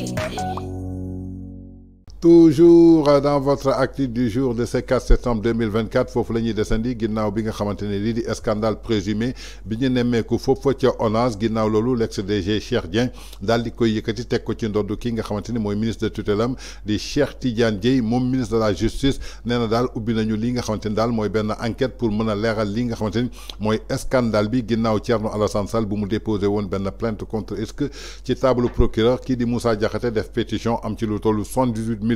it. toujours dans votre acte du jour de ce 4 septembre 2024 fofu lañuy ñuy desandi ginnaw bi nga xamanteni li di scandale présumé bi ñu nemmeeku foofu fa ci onance ginnaw lolu l'ex DG Cheikh Dieng dal di koy yëkëti tek ko ci ndoddu ki nga xamanteni moy ministre de tutelle am di Cheikh Tidiane Dièye mom ministre de la justice néna dal ubbi nañu li nga xamanteni dal moy ben enquête pour mëna léral li nga xamanteni moy scandale bi ginnaw Thierno Alassane Sall bu mu déposé won ben plainte contre est-ce ci table procureur ki di Moussa Diakhaté def pétition am ci lu tollu 78 000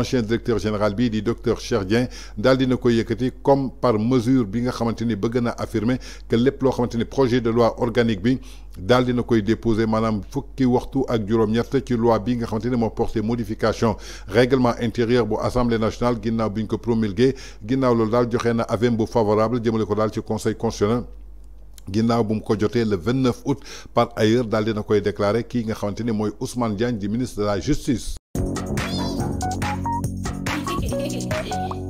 ancien directeur général bii di docteur Cheikh dal dina ko yëkëti comme par mesure bi nga xamanteni a bëgg na affirmer que l'éploi lo xamanteni projet de loi organique bi dal dina koy déposer manam fukki waxtu ak juroom ñett ci loi bi nga xamanteni mo porter porté modification règlement intérieur bu assemblée nationale ginnaw biñ ko promulgué ginnaw lool dal joxé na bu favorable jëmale ko ci conseil constitutionnel. ginnaw bu ko joté le 29 août par ailleurs dal dina koy déclarer ki nga xamanteni moy Ousmane Diagne di ministre de la justice. Yeah.